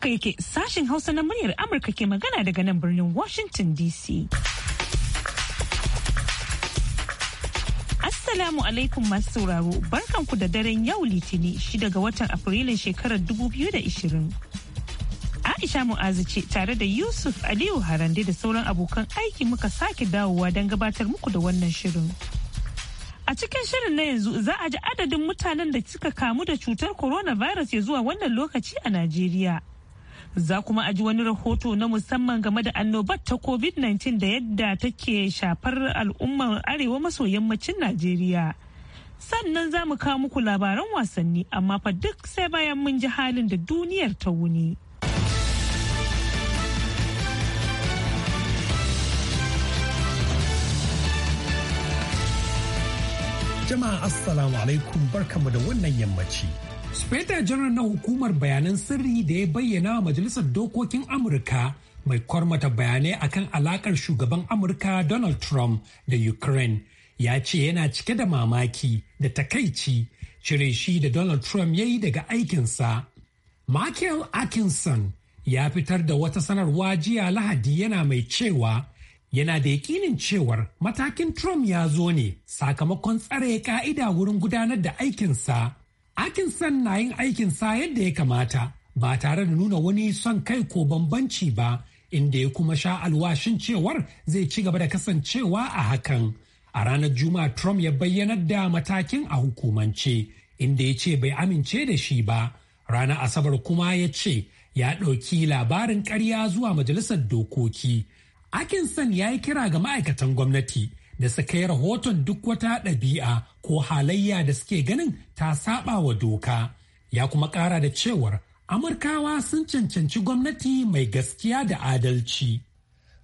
haka yake sashen hausa na muryar amurka ke magana daga nan birnin washington dc Assalamu alaikum masu sauraro barkanku da daren yau litini shida ga watan Afrilun shekarar 2020. Aisha Mu'azu ce tare da Yusuf Aliyu Harande da sauran abokan aiki muka sake dawowa don gabatar muku da wannan shirin. A cikin shirin na yanzu za a ji adadin mutanen da suka kamu da cutar coronavirus ya zuwa wannan lokaci a Najeriya. Za kuma aji wani rahoto na musamman game da annobar ta COVID-19 da yadda take shafar al'ummar arewa maso yammacin Najeriya. Sannan za mu kawo muku labaran wasanni amma fa duk sai bayan mun ji halin da duniyar ta wuni. Jama'a Assalamu alaikum barkamu da wannan yammaci. Speta janar na hukumar bayanan sirri da ya bayyana majalisar dokokin Amurka mai kwarmata bayanai akan alakar shugaban Amurka Donald Trump da Ukraine ya ce yana cike da mamaki da takaici cire shi da Donald Trump ya yi daga aikinsa. Michael Atkinson ya fitar da wata sanarwa jiya lahadi yana mai cewa yana da yakinin cewar matakin Trump ya zo ne sakamakon tsare ka'ida wurin gudanar da aikinsa Akin san na yin aikin sa yadda ya kamata ba tare da nuna wani son kai ko bambanci ba inda ya kuma sha alwashin cewar zai ci gaba da kasancewa a hakan. A ranar Juma'a Trump ya bayyanar da matakin a hukumance inda ya ce bai amince da shi ba. Ranar Asabar kuma ya ce ya ɗauki labarin karya zuwa majalisar dokoki. Atkinson ya yi kira ga ma'aikatan gwamnati da suka yi rahoton duk wata ɗabi'a ko halayya da suke ganin ta saba wa doka ya kuma ƙara da cewar amurkawa sun cancanci gwamnati mai gaskiya da adalci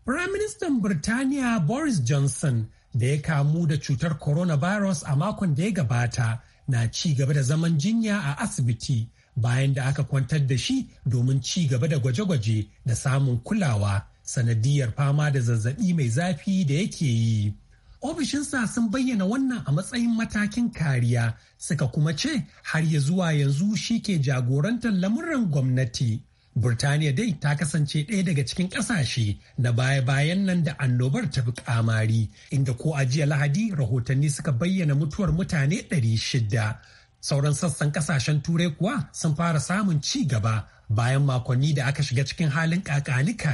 Firaministan Birtaniya Boris Johnson da ya kamu da cutar coronavirus a makon da ya gabata na ci gaba da zaman jinya a asibiti bayan da aka kwantar da shi domin ci gaba da gwaje-gwaje da samun kulawa sanadiyar fama da zazzabi mai zafi da yake yi. Ofishinsa sun bayyana wannan a matsayin matakin kariya suka kuma ce har ya zuwa yanzu shi ke jagorantar lamuran gwamnati. Burtaniya dai ta kasance ɗaya daga cikin ƙasashe na baya-bayan nan da annobar ta fi ƙamari, inda ko a jiya Lahadi rahotanni suka bayyana mutuwar mutane 600. Sauran sassan ƙasashen Turai kuwa sun fara samun ci gaba bayan makonni da aka shiga cikin halin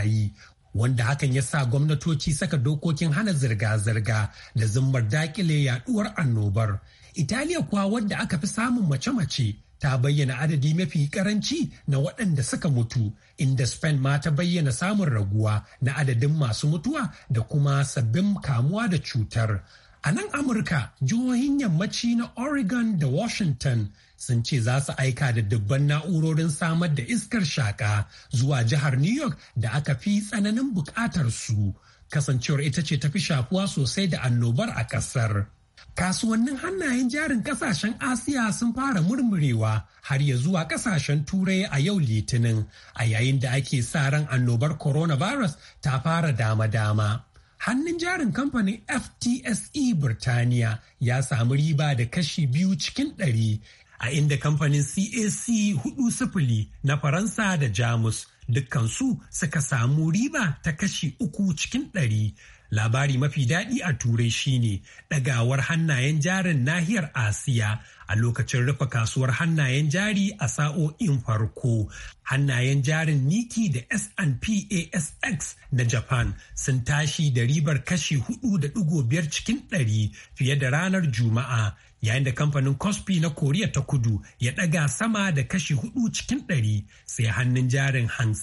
yi. wanda hakan ya sa gwamnatoci saka dokokin hana zirga-zirga da zimmar dakile yaduwar annobar. Italiya kuwa wadda aka fi samun mace-mace ta bayyana adadi mafi karanci na waɗanda suka mutu, inda Spain ma ta bayyana samun raguwa na adadin masu mutuwa da kuma sabbin kamuwa da cutar. A nan Amurka, jihohin yammaci na Oregon da Washington sun ce za su aika da dubban na'urorin samar da iskar shaka zuwa jihar New York da aka fi tsananin bukatar su, kasancewar ita ce tafi shafuwa sosai da annobar a ƙasar. Kasuwannin hannayen jarin kasashen Asiya sun fara murmurewa har ya zuwa kasashen Turai a yau Litinin, a yayin da ake sa ran annobar coronavirus ta fara dama-dama. hannun jarin kamfanin FTSE Birtaniya ya samu riba da kashi biyu cikin ɗari a inda kamfanin CAC hudu sifili na Faransa da Jamus dukkansu suka samu riba ta kashi uku cikin ɗari labari mafi daɗi a turai shine ɗagawar hannayen jarin nahiyar asiya a lokacin rufe kasuwar hannayen jari a sa'o'in farko hannayen jarin niki da snpasx na Japan sun tashi da ribar kashi 4.5 cikin ɗari fiye da ranar Juma'a yayin da kamfanin Cosby na Koriya ta kudu ya ɗaga sama da kashi hudu cikin ɗari sai hannun jarin Hang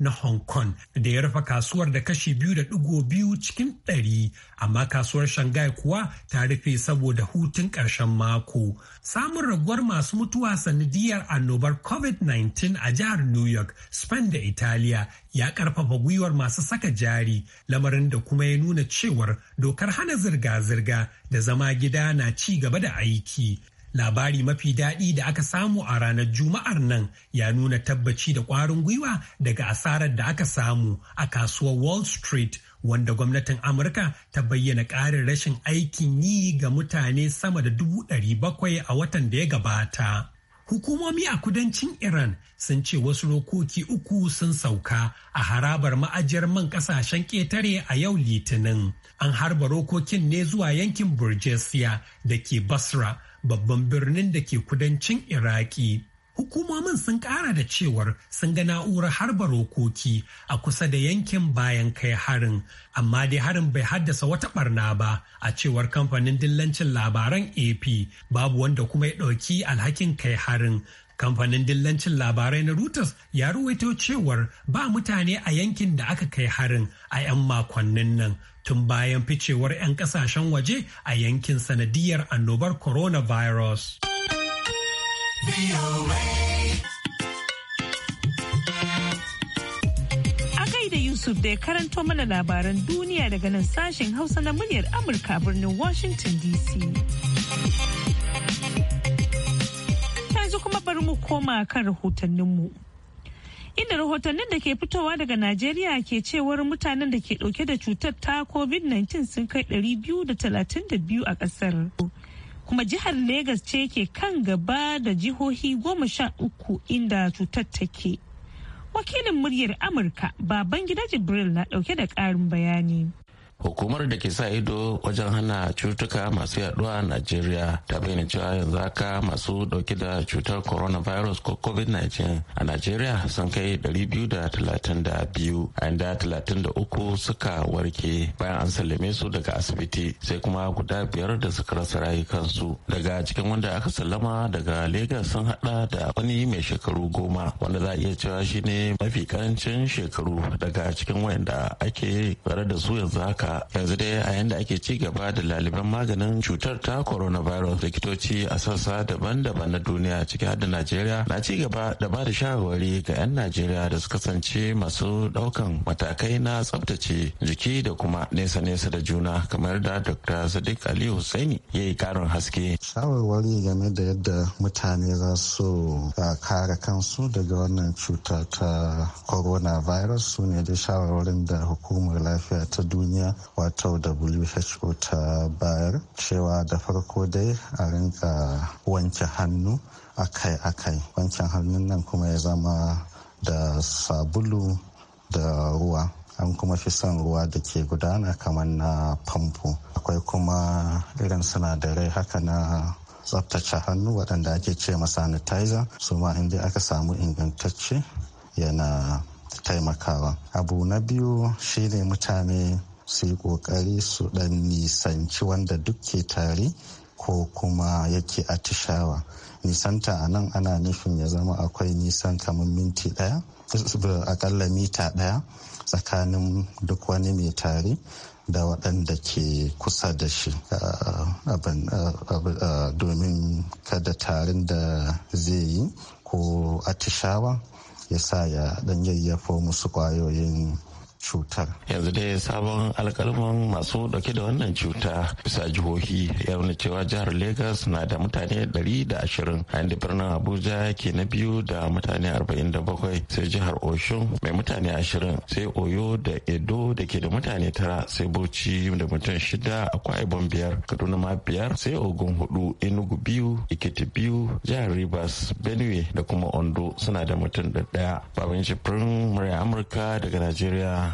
na Hong Kong da ya rufe kasuwar da kashi biyu da ɗigo biyu cikin ɗari amma kasuwar Shanghai kuwa ta rufe saboda hutun ƙarshen mako. Samun raguwar masu mutuwa sanadiyar annobar COVID-19 a jihar New York, Spain da Italiya ya karfafa gwiwar masu saka jari lamarin da kuma ya nuna cewar dokar hana zirga-zirga da zama gida na ci gaba da aiki labari mafi daɗi da aka samu a ranar juma'ar nan ya nuna tabbaci da ƙwarin gwiwa daga asarar da aka samu a kasuwar wall street wanda gwamnatin amurka ta bayyana ƙarin rashin aikin yi ga mutane sama da dubu ɗari bakwai a watan da ya gabata Hukumomi a kudancin Iran sun ce wasu rokoki uku sun sauka a harabar ma'ajiyar man kasashen ƙetare a yau litinin. An harba rokokin ne zuwa yankin Burjesiya da ke Basra, babban birnin da ke kudancin Iraki. Hukumomin sun ƙara da cewar sun ga na'urar harba rokoki a kusa da yankin bayan kai harin, amma dai harin bai haddasa wata barna ba a cewar kamfanin dillancin labaran AP babu wanda kuma ya ɗauki alhakin kai harin. Kamfanin dillancin labarai na Reuters ya ruwaito cewar ba mutane a yankin da aka kai harin a 'yan makonnin nan tun bayan ficewar 'yan kasashen waje a yankin sanadiyar annobar coronavirus. da Yusuf da ya karanto mana labaran duniya daga nan sashen Hausa na muryar Amurka birnin Washington DC. Yanzu kuma bari mu koma kan rahotanninmu. Inda rahotannin da ke fitowa daga Najeriya ke cewar mutanen da ke dauke da cutar ta COVID-19 sun kai 232 a kasar. kuma jihar Legas ce ke kan gaba da jihohi goma sha uku inda cutar take. Wakilin muryar Amurka baban gida Jibril na ɗauke da ƙarin bayani. hukumar da ke sa ido wajen hana cutuka masu yaduwa a najeriya ta bayyana cewa yanzu haka masu dauke da cutar coronavirus ko covid-19 a najeriya sun kai 232 a inda 33 suka warke bayan an sallame su daga asibiti sai kuma guda biyar da suka rasa rayukansu daga cikin wanda aka sallama daga lagos sun hada da wani mai shekaru goma wanda za a iya cewa shine mafi karancin shekaru daga cikin wayanda ake tsare da su yanzu haka Yanzu dai a yanda ake ci gaba da laliban maganin cutar ta coronavirus likitoci a sassa daban-daban na duniya ciki har da Najeriya na ci gaba da ba da shawarwari ga 'yan Najeriya da su kasance masu daukan matakai na tsabtace jiki da kuma nesa-nesa da juna kamar da Dr. Sadiq Ali Hussaini ya yi karin haske. Shawarwari game da yadda mutane za su ah, kare kansu daga wannan cuta ta coronavirus su ne da shawarwarin da hukumar lafiya ta duniya wato who ta bayar cewa da farko dai a rinka wanke hannu akai-akai wancan hannun nan kuma ya zama da sabulu da ruwa an kuma fi son ruwa da ke gudana kamar na famfo akwai kuma irin sinadarai haka na tsaftace hannu waɗanda ake ce sanitizer su ma inda aka samu ingantacce yana taimakawa abu na biyu shine mutane su yi kokari su dan nisanci wanda duk ke tare ko kuma yake atishawa nisanta a nan ana nufin ya zama akwai nisan kamar minti daya akalla mita daya tsakanin duk wani mai tare da waɗanda ke kusa da shi domin kada tarin da zai yi ko atishawa ya sa ya ɗan yayyafo musu ƙwayoyin cutar yanzu dai sabon alkalman masu dauke da wannan cuta bisa jihohi ya nuna cewa jihar Legas na da mutane 120 a inda birnin abuja ke na biyu da mutane 47 sai jihar oshun mai mutane 20 sai oyo da edo da ke da mutane tara sai bauchi da mutum shida a ibon biyar kaduna ma biyar sai ogun hudu enugu biyu ikiti biyu jihar rivers benue da kuma ondo suna da mutum ɗaya Babin shifrin murya amurka daga najeriya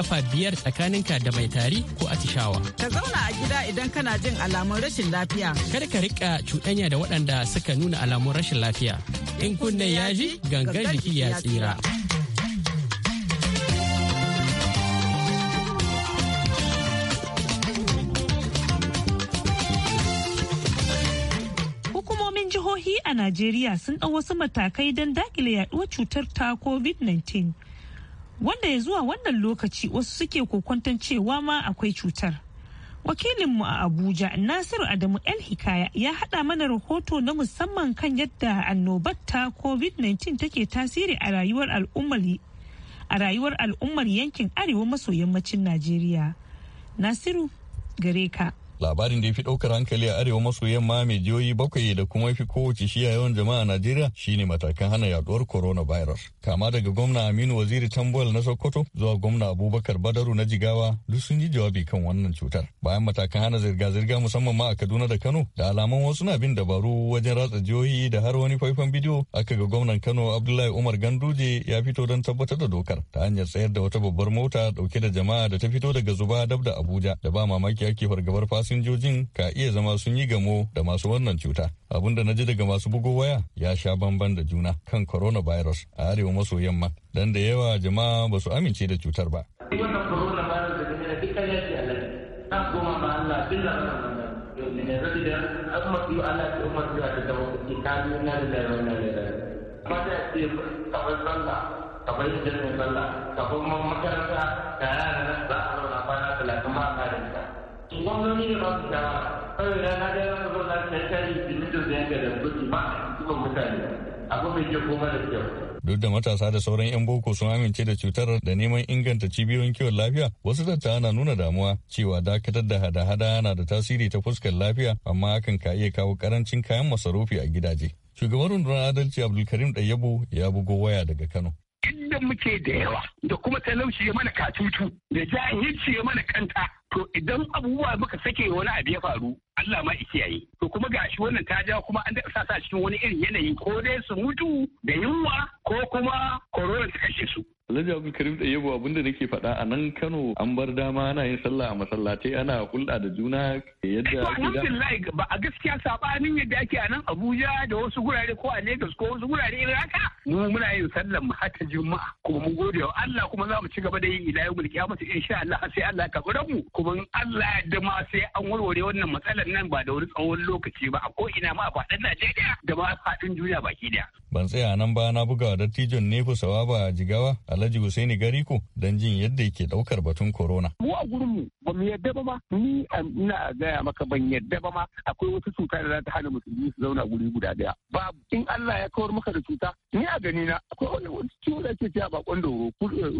kafa biyar tsakaninka da mai tari ko atishawa. Ka zauna a gida idan kana jin alamun rashin lafiya. kar ka rika cuɗanya da waɗanda suka nuna alamun rashin lafiya. In kunne ya ji gangan jiki ya tsira. jihohi a Najeriya sun ɗau wasu matakai don dakile yaɗuwar cutar ta COVID-19 wanda ya zuwa wannan lokaci wasu suke kokwanton cewa ma akwai cutar. Wakilinmu a Abuja Nasiru Adamu El Hikaya ya haɗa mana rahoto na musamman kan yadda annobar ta COVID-19 take tasiri a rayuwar al'ummar a yankin arewa maso yammacin Najeriya. Nasiru gare ka. labarin da ya fi ɗaukar hankali a arewa maso yamma mai jiyoyi bakwai da kuma fi kowace shi a yawan jama'a a najeriya shine matakan hana yaduwar coronavirus kama daga gwamna aminu waziri tambuwal na sokoto zuwa gwamna abubakar badaru na jigawa duk sun yi jawabi kan wannan cutar bayan matakan hana zirga-zirga musamman ma a kaduna da kano da alaman wasu na bin dabaru wajen ratsa jihohi da har wani faifan bidiyo aka ga gwamnan kano abdullahi umar ganduje ya fito don tabbatar da dokar ta hanyar tsayar da wata babbar mota dauke da jama'a da ta fito daga zuba dab da abuja da ba mamaki ake fargabar fasa fasinjojin ka iya zama sun yi gamo da masu wannan cuta. Abin da na ji daga masu bugo waya ya sha bamban da juna kan coronavirus a arewa maso yamma. Dan da yawa jama'a ba su amince da cutar ba. a na kamar sallah, kamar yin jirgin sallah, kamar makaranta, ka yara na a gwamnoni da masu yi abu mai duk da matasa da sauran 'yan boko sun amince da cutar da neman inganta cibiyoyin kiwon lafiya wasu tattawa na nuna damuwa cewa dakatar da hada-hada na da tasiri ta fuskar lafiya amma hakan ka iya kawo karancin kayan masarufi a gidaje shugaban rundunar adalci abdulkarim ɗayyabo ya bugo waya daga kano inda muke da yawa da kuma talauci ya mana katutu da jahilci ya mana kanta to idan abubuwa muka sake wani abu ya faru Allah ma kiyaye to kuma ga shi wannan ta ja kuma an sa sa cikin wani irin yanayi ko dai su mutu da yunwa ko kuma korona ta kashe su Alhaji Abdul Karim da yabo da nake faɗa a nan Kano an bar dama ana yin sallah a masallatai ana hulɗa da juna yadda ake da. ba a gaskiya sabanin yadda ake a nan Abuja da wasu gurare ko a Lagos ko wasu gurare irin haka mu muna yin sallar mu hata Juma'a kuma mu gode wa Allah kuma za mu ci gaba da yin ila amma in sha Allah sai Allah ka gura mu kuma Allah ya dama sai an warware wannan matsalar nan ba da wani tsawon lokaci ba a ko ina ma a faɗin Najeriya da ma faɗin duniya baki daya. Ban tsaya nan ba na buga dattijon Nefu Sawaba Jigawa Alhaji Hussaini ko don jin yadda yake daukar batun corona. Mu a gurin mu ba mu yadda ba ma ni um, ina gaya maka ban yadda ba ma akwai wata cuta da za ta hana musulmi su zauna guri guda daya. Ba in Allah ya kawar maka da cuta ni a gani na akwai wani ciwo da ke cewa bakon doro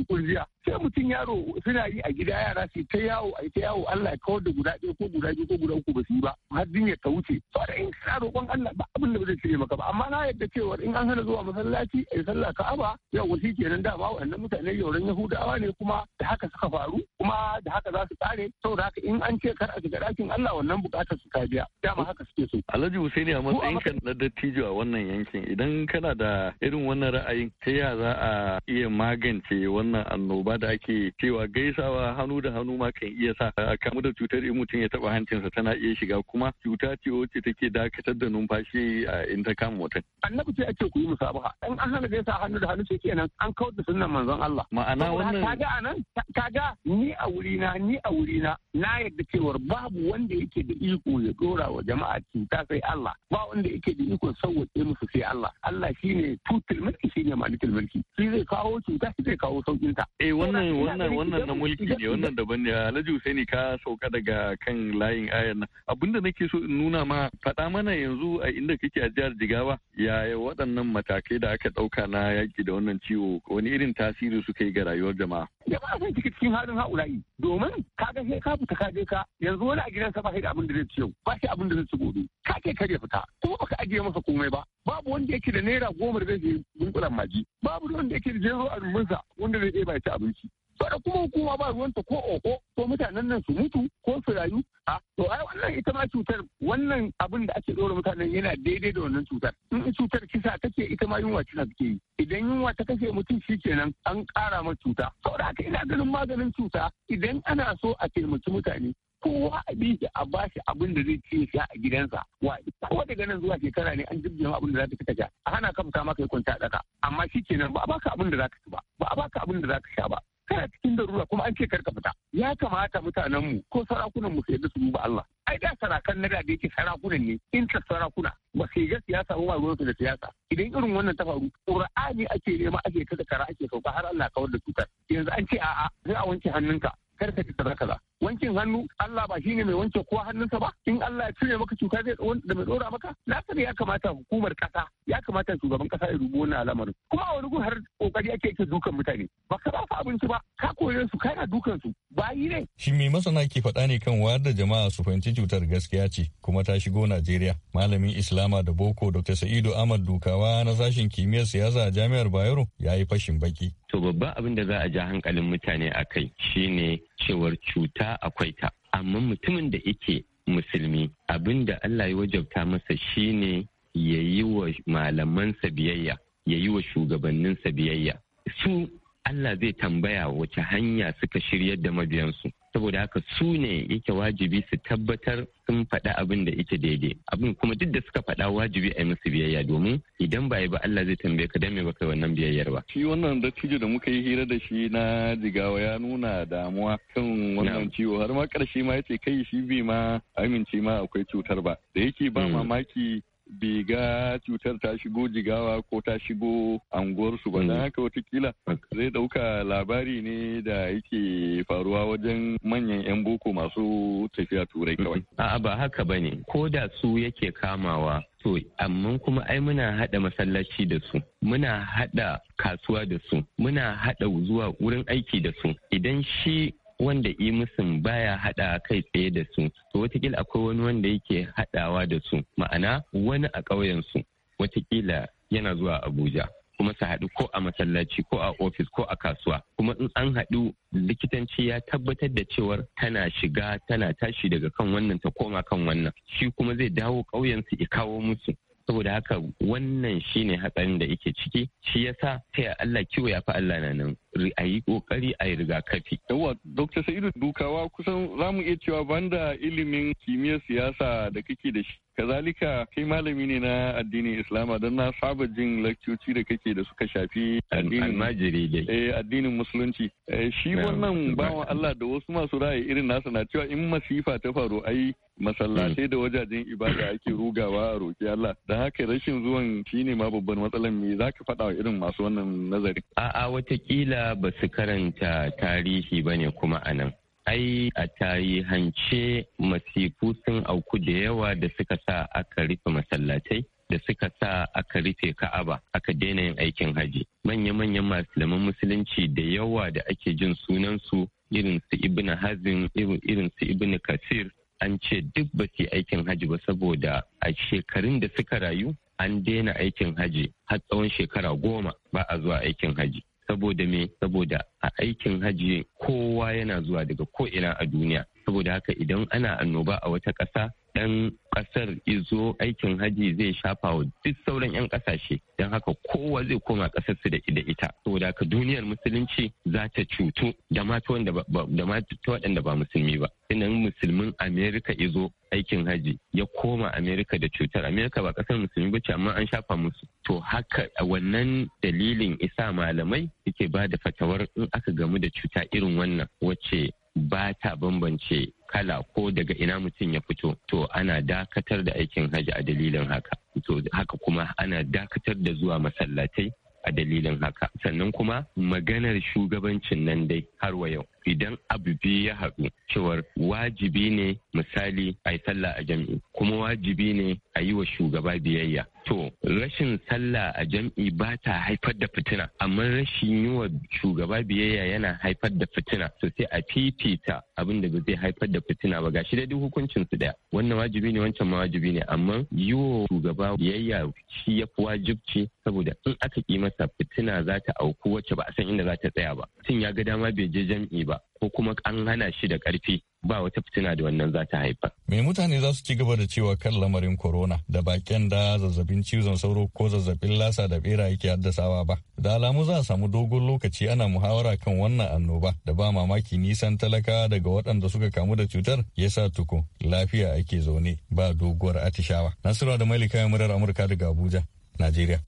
kurjiya eh, sai mutum yaro suna yi a gida yara su ta yawo a ta yawo Allah ya kawar da guda ɗaya ko guda biyu ko guda uku ba su yi ba har dinya ta wuce to da in kana roƙon Allah ba abin da ba zai cire maka ba amma na yadda cewa in an hana zuwa masallaci a yi sallah ka'aba yau wasu kenan dama waɗannan mutane yauran Yahudawa ne kuma da haka suka faru kuma da haka za su tsare saboda haka in an ce kar a shiga ɗakin Allah wannan buƙatar su ka biya dama haka suke so. Alhaji Hussaini a matsayin kan na dattijo a wannan yankin idan kana da irin wannan ra'ayin ta ya za a iya magance wannan annoba da ake cewa gaisawa hannu da hannu ma kan iya sa a kamu da cutar in mutum ya taba hancinsa tana iya shiga kuma cuta ce wacce take dakatar da numfashi a in ta kama mutum. Annabi ce ake ku musabaha in an hana gaisa hannu da hannu ke kenan an kawar da sunan manzon Allah. Ma'ana wannan kaga anan kaga ni a wurina ni a wurina na yadda cewar babu wanda yake da iko ya dora wa jama'a cuta sai Allah ba wanda yake da iko sauwaƙe musu sai Allah Allah shine tutul mulki shine malikul mulki shi zai kawo cuta shi zai kawo saukin Eh wannan wannan wannan na mulki ne wannan daban ne Alhaji ne ka sauka daga kan layin ayar nan abinda nake so in nuna ma faɗa mana yanzu a inda kake a jihar Jigawa yaya waɗannan matakai da aka ɗauka na yaki da wannan ciwo wani irin tasiri suka yi ga rayuwar jama'a jama'a sun ciki cikin halin haula'i domin ka ga sai ka fita ka je ka yanzu wani a gidansa ba shi da abin da zai ci yau ba shi abin da zai ci gobe ka ke kare fita kuma baka ajiye masa komai ba babu wanda yake da naira goma da zai je bunkulan maji babu wanda yake da jero a rumunsa wanda zai iya ba ci abin abinci da kuma hukuma ba ruwanta ko oko ko mutanen nan su mutu ko su rayu a ah, to ai wannan ita ma cutar wannan abin da ake ɗora mutanen yana daidai da wannan cutar in cutar kisa take ita ma yunwa kisa take yi idan yunwa ta kashe mutum shi kenan an ƙara ma cuta saboda haka ina ganin maganin cuta idan ana so a taimaki mutane kowa a bi shi a ba shi abin da zai ci sha a gidansa wa ko daga nan zuwa shekara ne an jibge ma abin da za ta a hana ka mutama kai kwanta daka amma shi kenan ba a baka abin da za ka ci ba ba a baka abin da za ka sha ba kana cikin darura kuma an ce kar ka fita ya kamata mutanen mu ko sarakunan mu su yadda su duba Allah ai da sarakan na da yake sarakunan ne in ta sarakuna ba sai ga siyasa ba ruwan su da siyasa idan irin wannan ta faru qur'ani ake nema ake kada kara ake sauka har Allah kawar da cutar yanzu an ce a'a sai a wanke hannunka kar ka ci kaza wankin hannu Allah ba shi ne mai wanke kowa hannunsa ba in Allah ya cire maka cuta zai da mai dora maka sani ya kamata hukumar kasa ya kamata shugaban kasa ya rubo wannan al'amarin kuma wani gun har kokari ake yake dukan mutane ba ka ba su abinci ba ka koyar su kana dukan su yi ne shi mai masana ke faɗa ne kan wayar da jama'a su fahimci cutar gaskiya ce kuma ta shigo Najeriya malamin Islama da Boko Dr. Sa'idu Ahmad Dukawa na sashin kimiyyar siyasa a Jami'ar Bayero ya yi fashin baki to babban abin da za a ja hankalin mutane a kai shine cewar cuta akwai ta amma mutumin da yake musulmi abin da Allah ya wajabta masa shine ya yi wa malamansa biyayya ya yi wa shugabanninsa biyayya su Allah zai tambaya wace hanya suka shiryar da mabiyansu. Saboda haka su ne yake wajibi su tabbatar sun faɗa abin da ita daidai. Abin kuma duk da suka faɗa wajibi a yi musu biyayya domin idan ba yi ba Allah zai tambaye ka dame ba kai wannan biyayyar ba. Shi wannan dattijo da muka yi hira da shi na jigawa ya nuna damuwa kan wannan ciwo har ma karshe ma ya ce kai shi bai ma amince ma akwai cutar ba. Da yake ba hmm. mamaki biga cutar ta shigo jigawa ko ta shigo anguwarsu ba na mm. haka watakila zai dauka labari ne da yake faruwa wajen manyan 'yan boko masu tafiya turai kawai. A'a ba haka ba ne, ko da su yake kamawa To, amma kuma ai muna haɗa masallaci da su, muna haɗa kasuwa da su, muna haɗa zuwa wurin aiki da su. Idan shi wanda yi musun baya hada kai tsaye da su to watakila akwai wani wanda yake hadawa da su ma'ana wani a ƙauyen su watakila yana zuwa abuja kuma su haɗu ko a masallaci ko a ofis ko a kasuwa kuma in an haɗu likitanci ya tabbatar da cewar tana shiga tana tashi daga kan wannan ta koma kan wannan shi kuma zai dawo ƙauyensu ya kawo musu saboda haka wannan shine hatsarin da yake ciki shi yasa sai Allah kiwo ya fi Allah na nan a kokari a yi rigakafi. Yawa Dr. Sa'idu Dukawa kusan za mu iya cewa banda ilimin kimiyyar siyasa da kake da shi kazalika kai malami ne na addinin islama don na saba jin lakcoci da kake da suka shafi addinin eh, musulunci eh, shi wannan bawan allah da wasu masu ra'ayi irin nasa na cewa in masifa ta faru ai masallatai hmm. da wajajen ibada ake rugawa a roƙi Allah da haka rashin zuwan shine ma babban matsalar me za ka faɗa wa irin masu wannan nazari a'a watakila ba su karanta tarihi ba ne kuma a nan ai a tarihance masifu sun auku da yawa da suka sa aka rufe masallatai da suka sa aka rufe ka'aba aka daina yin aikin haji manya-manyan malaman musulunci da yawa da ake jin sunansu irin su ibn hazin irin su ibn kasir an ce duk ba su aikin haji ba saboda a shekarun da suka rayu an daina aikin haji har tsawon shekara goma ba a zuwa aikin haji saboda me saboda a aikin hajji kowa yana zuwa daga ko ina a duniya saboda haka idan ana annoba a wata ƙasa ɗan ƙasar izo aikin haji zai shafa wa duk sauran 'yan kasashe don haka kowa zai koma ƙasarsu da ita ita da ka duniyar musulunci za ta cutu da mata waɗanda ba musulmi ba sannan musulmin amerika izo aikin haji ya koma amerika da cutar amerika ba kasar musulmi ba ce amma an shafa musu to haka wannan dalilin isa malamai suke ba da fatawar in aka gamu da cuta irin wannan wacce ba ta bambance kala ko daga ina mutum ya fito to ana dakatar da aikin hajji a dalilin haka to haka kuma ana dakatar da zuwa masallatai a dalilin haka sannan kuma maganar shugabancin nan dai har wa yau idan abu biyu ya haɗu cewar wajibi ne misali a yi sallah a jam'i kuma wajibi ne a yi wa shugaba biyayya to rashin sallah a jam'i ba ta haifar da fitina amma rashin yi wa shugaba biyayya yana haifar da fitina to sai a fifita abin da zai haifar da fitina ba gashi da duk hukuncin su daya wannan wajibi ne wancan ma wajibi ne amma yi wa shugaba biyayya shi ya fi wajibci saboda in aka ki masa fitina za ta auku wacce ba a san inda za ta tsaya ba mutum ya ga dama bai je jam'i ba ba ko kuma an hana shi da karfi ba wata fitina da wannan za ta haifa. Me mutane za su ci gaba da cewa kan lamarin corona da bakin da zazzabin cizon sauro ko zazzabin lasa da bera yake haddasawa ba. Da alamu za a samu dogon lokaci ana muhawara kan wannan annoba da ba mamaki nisan talaka daga waɗanda suka kamu da cutar ya sa tuko lafiya ake zaune ba doguwar atishawa. Nasiru da Malika murar Amurka daga Abuja, Najeriya.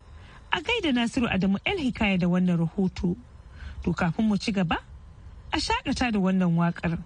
A gaida Nasiru Adamu El Hikaya da wannan rahoto. To kafin mu ci gaba a shaƙata da wannan waƙar.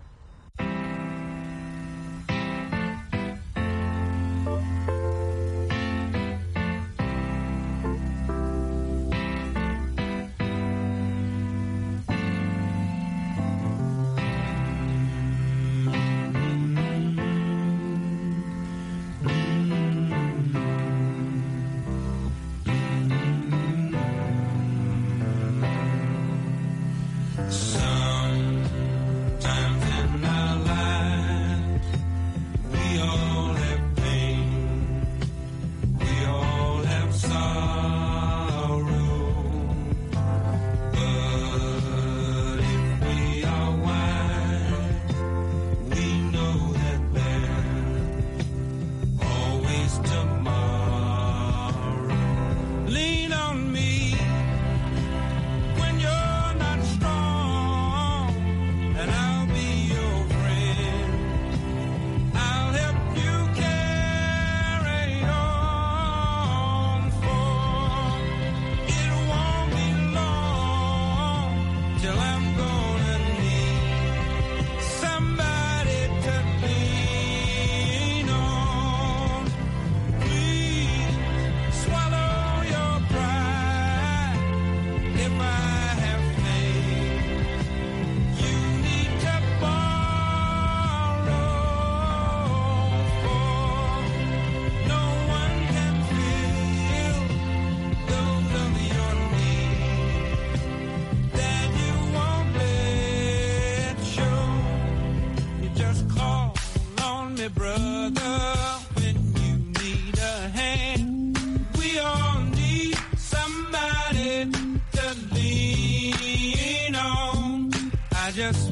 just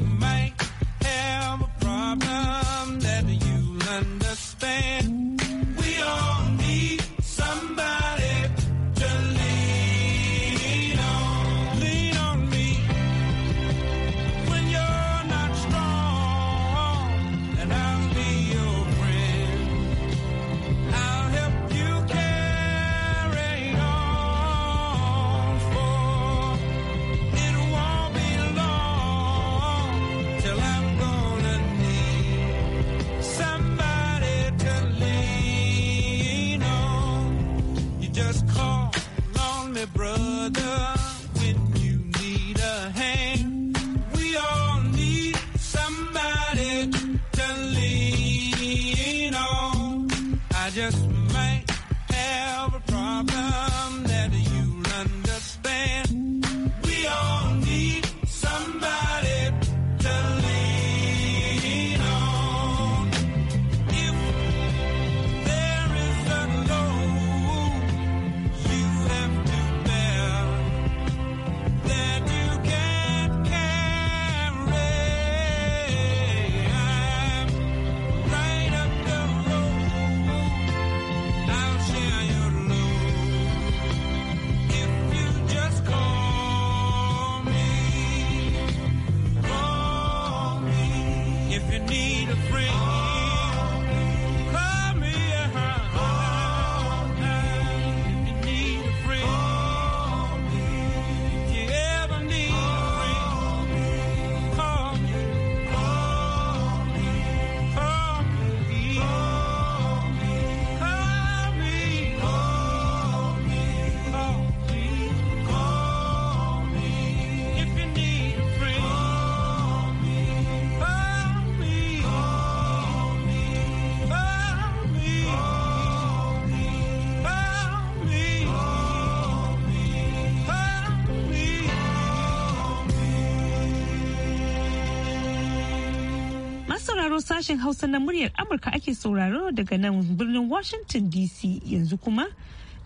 sauraro sashen Hausa na muryar Amurka ake sauraro daga nan birnin Washington DC yanzu kuma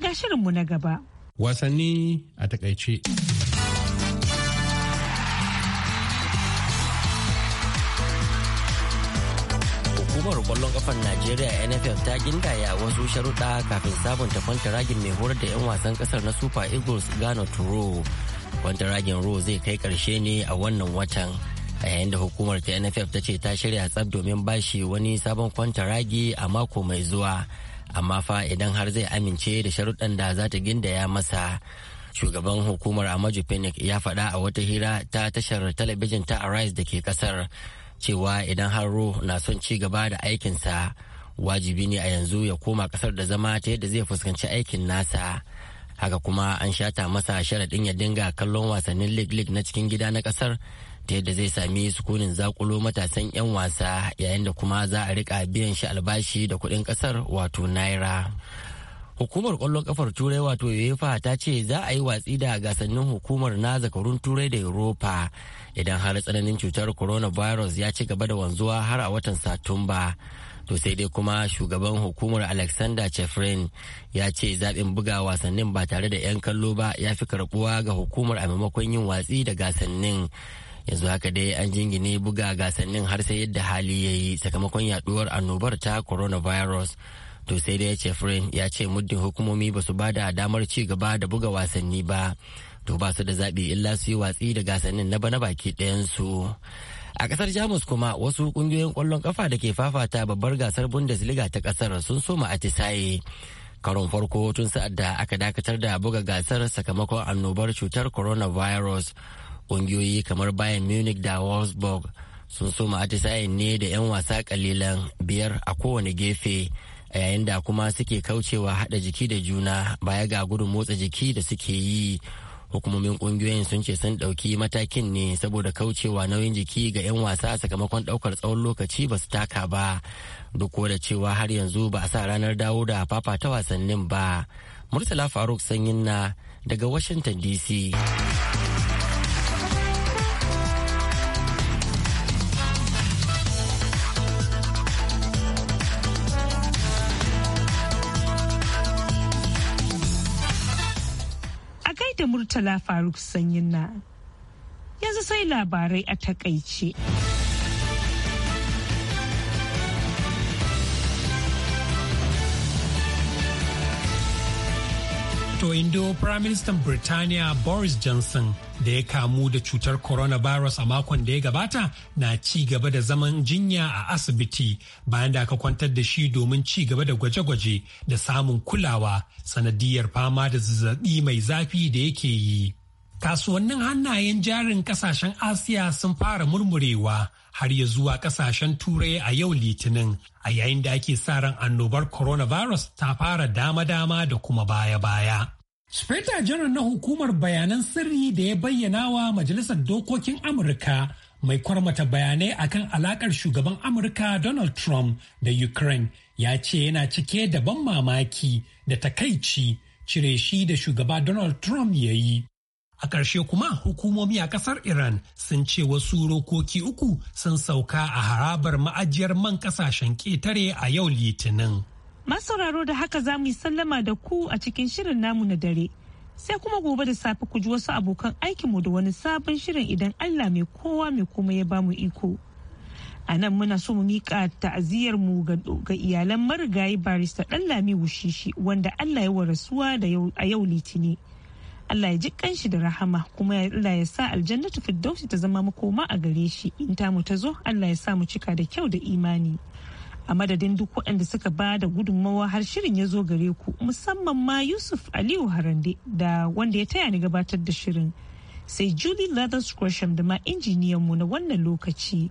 ga shirinmu na gaba. Wasanni a takaice. hukumar kwallon kafar najeriya nff ta gindaya wasu sharuɗa kafin sabunta kwantaragin mai horar da 'yan wasan kasar na super eagles gano turo kwantaragin ro zai kai karshe ne a wannan watan a yayin da hukumar ta nff ta ce ta shirya tsab domin bashi wani sabon kwanta kwantaragi a mako mai zuwa amma fa idan har zai amince da sharuɗan da za ta gindaya masa shugaban hukumar amaju phoenix ya faɗa a wata hira ta tashar talabijin ta arise da ke kasar cewa idan har ro na son ci gaba da aikinsa wajibi ne a yanzu ya koma kasar da zama ta yadda zai fuskanci aikin nasa haka kuma an shata masa sharaɗin ya dinga kallon wasannin league league na cikin gida na kasar ta yadda zai sami sukunin zakulo matasan 'yan wasa yayin da kuma za a rika biyan shi albashi da kuɗin ƙasar wato naira hukumar kwallon kafar turai wato uefa ta ce za a yi watsi da gasannin hukumar na zakarun turai da europa idan har tsananin cutar coronavirus ya ci gaba da wanzuwa har a watan satumba to sai dai kuma shugaban hukumar alexander chefrin ya ce zaɓin buga wasannin ba tare da 'yan kallo ba ya fi karbuwa ga hukumar a maimakon yin watsi da gasannin yanzu haka dai an jingine buga gasannin har sai yadda hali ya yi sakamakon yaduwar annobar ta coronavirus to sai dai ya ce firin ya ce muddin hukumomi ba su bada damar ci gaba da buga wasanni ba to ba su da zaɓi illa su yi watsi da gasannin na bana baki ɗayansu a kasar jamus kuma wasu ƙungiyoyin kwallon kafa da ke fafata babbar gasar bundesliga ta kasar sun soma atisaye karon farko tun sa'ad da aka dakatar da buga gasar sakamakon annobar cutar coronavirus ƙungiyoyi kamar bayan munich da wolfsburg sun soma atisayen ne da 'yan wasa kalilan biyar a kowane gefe a yayin da kuma suke kaucewa hada jiki da juna baya ga gudun motsa jiki da suke yi hukumomin kungiyoyin sun ce sun ɗauki matakin ne saboda kaucewa nauyin jiki ga 'yan wasa sakamakon ɗaukar tsawon lokaci ba su taka ba duk da cewa har yanzu ba a sa ranar dawo da ta wasannin ba murtala faruk sanyin na daga washington dc Murtala Faruk Sanyin na. Yanzu sai labarai a takaice. To indo Prime Minister Birtaniya Boris Johnson da ya kamu da cutar coronavirus a makon da ya gabata na ci gaba da zaman jinya a asibiti bayan da aka kwantar da shi domin ci gaba da gwaje-gwaje da samun kulawa sanadiyar fama da zazzabi mai zafi da yake yi. kasuwannin hannayen jarin kasashen asiya sun fara murmurewa har ya zuwa kasashen turai a yau litinin a yayin da ake sa ran annobar coronavirus ta fara dama-dama da kuma baya-baya Speta, janar na hukumar bayanan sirri da ya bayyana wa majalisar dokokin amurka mai kwarmata bayanai akan alakar shugaban amurka donald trump da ukraine ya ce yana cike da ban mamaki da takaici cire shi da shugaba donald trump ya yi A ƙarshe kuma hukumomi a ƙasar Iran sun ce wasu rokoki uku sun sauka a harabar ma'ajiyar man ƙasashen ƙetare a yau litinin. Masauraro da haka za mu yi sallama da ku a cikin shirin namu na dare. Sai kuma gobe da safe ku ji wasu abokan aikinmu da wani sabon shirin idan Allah mai kowa mai kuma ya bamu iko. A nan muna so mu miƙa ta'aziyar mu ga iyalan marigayi barista lami Wushishi wanda Allah ya wa rasuwa a yau Litini. Allah ya ji kanshi da rahama kuma Allah ya sa aljannatu firdausi ta zama makoma a gare shi in ta mu ta zo Allah ya sa mu cika da kyau da imani a madadin duk waɗanda suka ba da gudunmawa har shirin ya zo gare ku musamman ma Yusuf Aliyu Harande da wanda ya taya ni gabatar da shirin sai Julie Leathers Gresham da ma injiniyan mu na wannan lokaci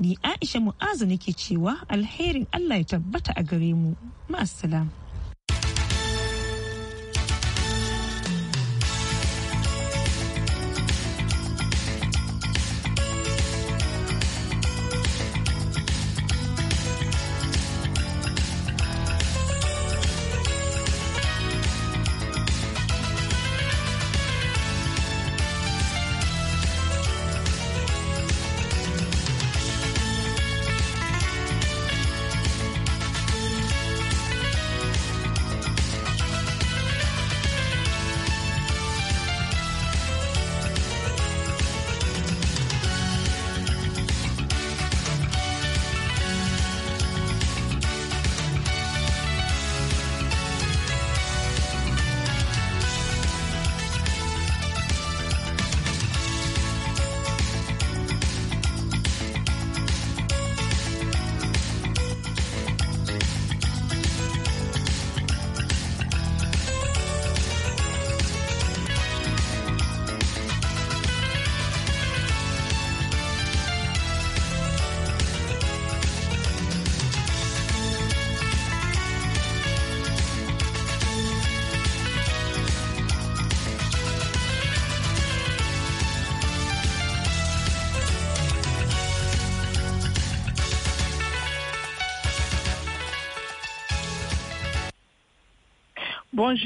ni Aisha Mu'azu nake cewa alherin Allah ya tabbata a gare mu ma'assalam